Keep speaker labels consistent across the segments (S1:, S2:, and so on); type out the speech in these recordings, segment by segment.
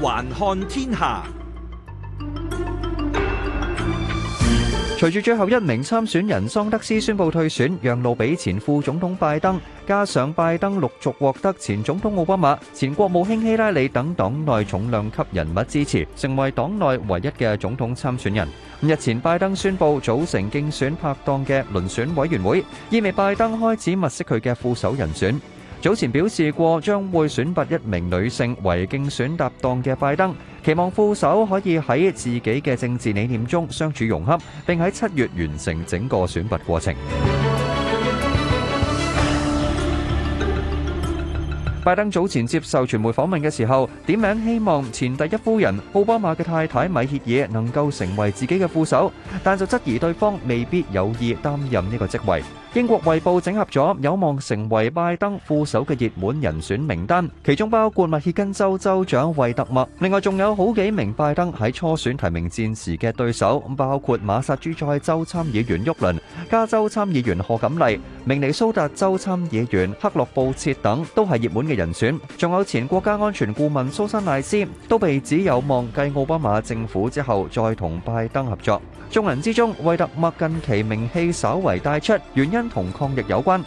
S1: 環看天下。隨住最後一名參選人桑德斯宣布退選，讓路俾前副總統拜登，加上拜登陸續獲得前總統奧巴馬、前國務卿希拉里等黨內重量級人物支持，成為黨內唯一嘅總統參選人。日前拜登宣布組成競選拍檔嘅遴選委員會，意味拜登開始物色佢嘅副手人選。早前表示過將會選拔一名女性為競選搭檔嘅拜登，期望副手可以喺自己嘅政治理念中相處融洽，並喺七月完成整個選拔過程。拜登早前接受傳媒訪問嘅時候，點名希望前第一夫人奧巴馬嘅太太米歇爾能夠成為自己嘅副手，但就質疑對方未必有意擔任呢個職位。英國衛報整合咗有望成為拜登副手嘅熱門人選名單，其中包括密歇根州州長惠特默，另外仲有好幾名拜登喺初選提名戰時嘅對手，包括馬薩諸塞州參議員沃倫、加州參議員賀錦麗、明尼蘇達州參議員克洛布徹等，都係熱門嘅。人選仲有前國家安全顧問蘇珊賴斯，都被指有望繼奧巴馬政府之後，再同拜登合作。眾人之中，惠特默近期名氣稍為帶出，原因同抗疫有關。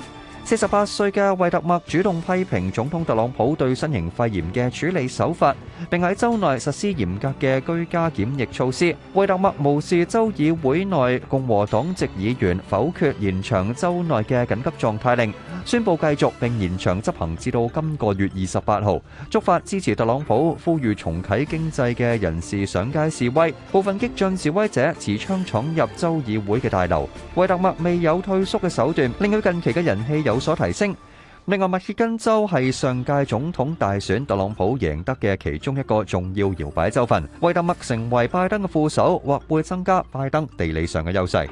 S1: 四十八歲嘅惠特默主動批評總統特朗普對新型肺炎嘅處理手法，並喺州內實施嚴格嘅居家檢疫措施。惠特默無視州議會內共和黨籍議員否決延長州內嘅緊急狀態令，宣布繼續並延長執行至到今個月二十八號，觸發支持特朗普呼籲重啟經濟嘅人士上街示威，部分激進示威者持槍闖入州議會嘅大樓。惠特默未有退縮嘅手段，令佢近期嘅人氣有有所提升。另外，密歇根州係上屆總統大選特朗普贏得嘅其中一個重要搖擺州份，惠特默成為拜登嘅副手，或會增加拜登地理上嘅優勢。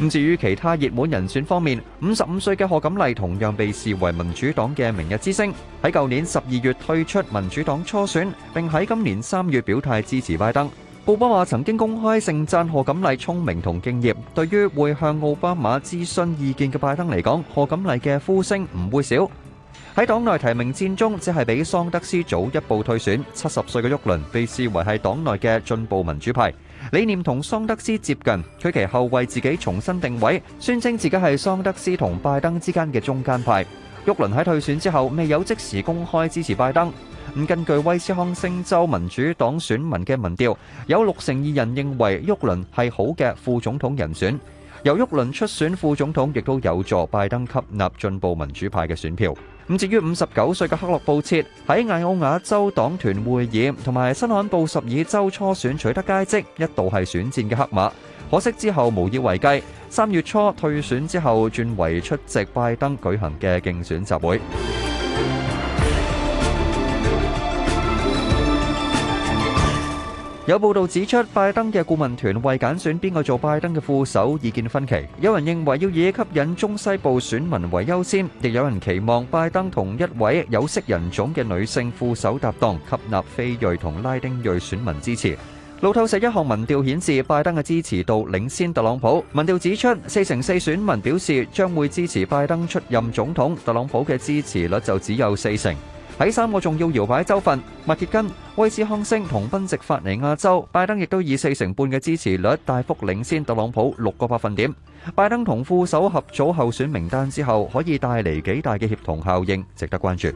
S1: 咁至於其他熱門人選方面，五十五歲嘅賀錦麗同樣被視為民主黨嘅明日之星。喺舊年十二月退出民主黨初選，並喺今年三月表態支持拜登。奧巴馬曾經公開盛讚賀錦麗聰明同敬業。對於會向奧巴馬諮詢意見嘅拜登嚟講，賀錦麗嘅呼聲唔會少。喺黨內提名戰中，只係比桑德斯早一步退選。七十歲嘅沃倫被視為喺黨內嘅進步民主派。理念同桑德斯接近，佢其後為自己重新定位，宣稱自己係桑德斯同拜登之間嘅中間派。沃倫喺退選之後未有即時公開支持拜登。咁根據威斯康星州民主黨選民嘅民調，有六成二人認為沃倫係好嘅副總統人選。由沃倫出選副總統，亦都有助拜登吸納進步民主派嘅選票。咁至於五十九歲嘅克洛布徹喺艾奧瓦州黨團會議，同埋新罕布什爾州初選取得佳績，一度係選戰嘅黑馬。可惜之後無以為繼，三月初退選之後，轉為出席拜登舉行嘅競選集會。有報道指出拜登嘅顧問團為揀選邊個做拜登嘅副手意見分歧，有人認為要以吸引中西部選民為優先，亦有人期望拜登同一位有色人種嘅女性副手搭檔，吸納非裔同拉丁裔選民支持。路透社一項民調顯示拜登嘅支持度領先特朗普。民調指出四成四選民表示將會支持拜登出任總統，特朗普嘅支持率就只有四成。喺三個重要搖擺州份，密歇根、威斯康星同賓夕法尼亞州，拜登亦都以四成半嘅支持率大幅領先特朗普六個百分點。拜登同副手合組候選名單之後，可以帶嚟幾大嘅協同效應，值得關注。